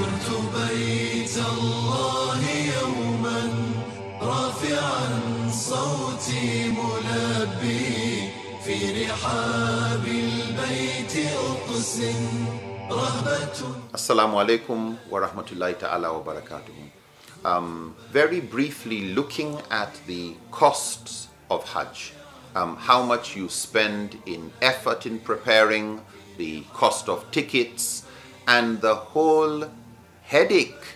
زرت بيت الله يوما رافعا صوتي ملبي في رحاب البيت أقسم رهبة السلام عليكم ورحمة الله تعالى وبركاته Um, very briefly looking at the costs of Hajj, um, how much you spend in effort in preparing, the cost of tickets, and the whole headache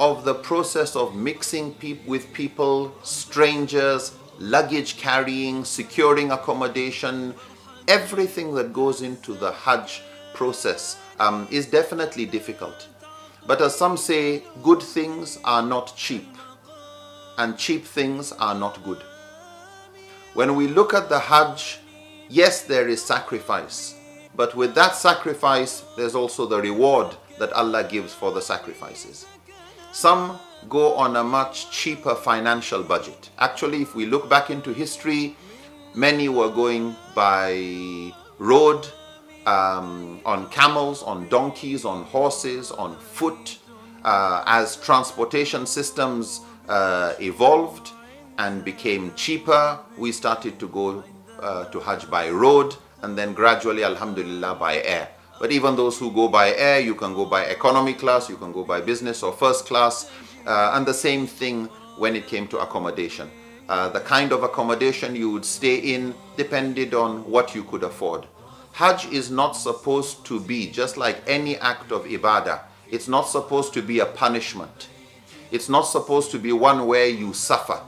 of the process of mixing pe- with people, strangers, luggage carrying, securing accommodation, everything that goes into the Hajj process um, is definitely difficult. But as some say, good things are not cheap, and cheap things are not good. When we look at the Hajj, yes, there is sacrifice, but with that sacrifice, there's also the reward that Allah gives for the sacrifices. Some go on a much cheaper financial budget. Actually, if we look back into history, many were going by road, um, on camels, on donkeys, on horses, on foot. Uh, as transportation systems uh, evolved and became cheaper, we started to go uh, to Hajj by road and then gradually, alhamdulillah, by air. But even those who go by air, you can go by economy class, you can go by business or first class. Uh, and the same thing when it came to accommodation. Uh, the kind of accommodation you would stay in depended on what you could afford. Hajj is not supposed to be just like any act of ibadah. It's not supposed to be a punishment. It's not supposed to be one where you suffer.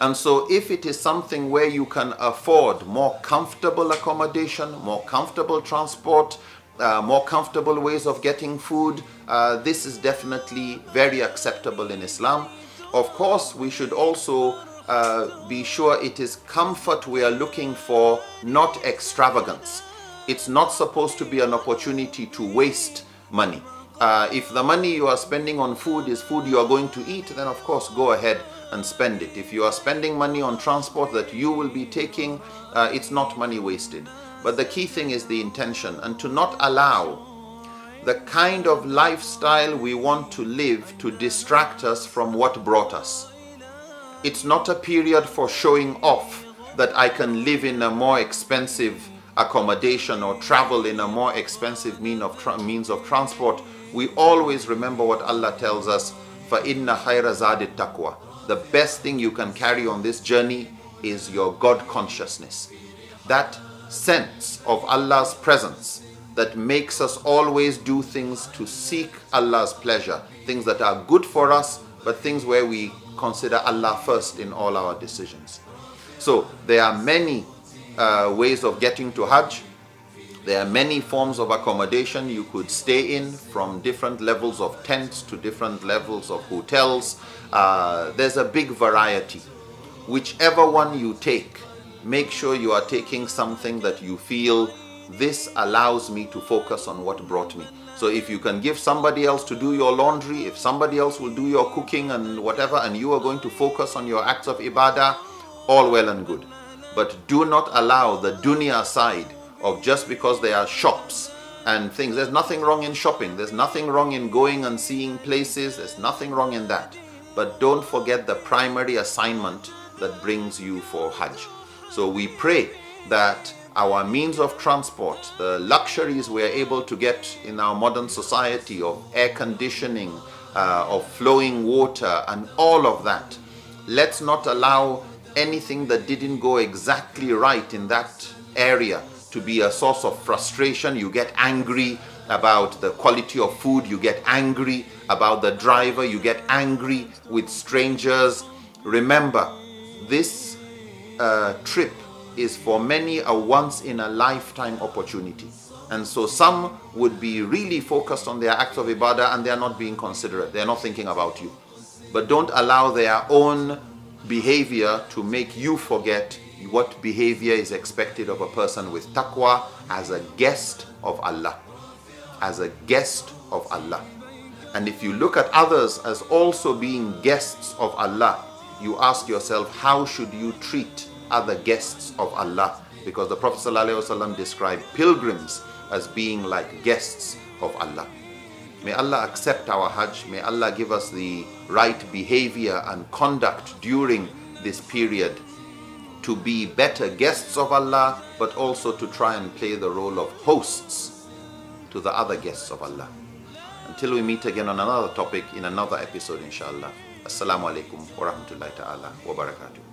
And so if it is something where you can afford more comfortable accommodation, more comfortable transport, uh, more comfortable ways of getting food, uh, this is definitely very acceptable in Islam. Of course, we should also uh, be sure it is comfort we are looking for, not extravagance. It's not supposed to be an opportunity to waste money. Uh, if the money you are spending on food is food you are going to eat, then of course go ahead and spend it. If you are spending money on transport that you will be taking, uh, it's not money wasted. But the key thing is the intention and to not allow the kind of lifestyle we want to live to distract us from what brought us. It's not a period for showing off that I can live in a more expensive accommodation or travel in a more expensive mean of means of transport. We always remember what Allah tells us, فَإِنَّ خَيْرَ زَادِ التَّقْوَى the best thing you can carry on this journey is your God consciousness. That sense of Allah's presence that makes us always do things to seek Allah's pleasure, things that are good for us, but things where we consider Allah first in all our decisions. So there are many uh, ways of getting to Hajj. There are many forms of accommodation you could stay in, from different levels of tents to different levels of hotels. Uh, there's a big variety. Whichever one you take, make sure you are taking something that you feel this allows me to focus on what brought me. So if you can give somebody else to do your laundry, if somebody else will do your cooking and whatever, and you are going to focus on your acts of ibadah, all well and good. But do not allow the dunya side of just because they are shops and things. There's nothing wrong in shopping. There's nothing wrong in going and seeing places. There's nothing wrong in that. But don't forget the primary assignment that brings you for Hajj. So we pray that our means of transport, the luxuries we are able to get in our modern society of air conditioning, uh, of flowing water, and all of that. Let's not allow anything that didn't go exactly right in that area to be a source of frustration. You get angry about the quality of food, you get angry about the driver, you get angry with strangers. Remember, this uh, trip is for many a once in a lifetime opportunity. And so some would be really focused on their acts of ibadah and they are not being considerate. They are not thinking about you. But don't allow their own behavior to make you forget what behavior is expected of a person with taqwa as a guest of Allah. As a guest of Allah. And if you look at others as also being guests of Allah, you ask yourself, how should you treat other guests of Allah? Because the Prophet ﷺ described pilgrims as being like guests of Allah. May Allah accept our Hajj. May Allah give us the right behavior and conduct during this period to be better guests of Allah, but also to try and play the role of hosts to the other guests of Allah. Until we meet again on another topic in another episode, inshallah. Assalamu alaikum wa rahmatullahi ta'ala wa barakatuh.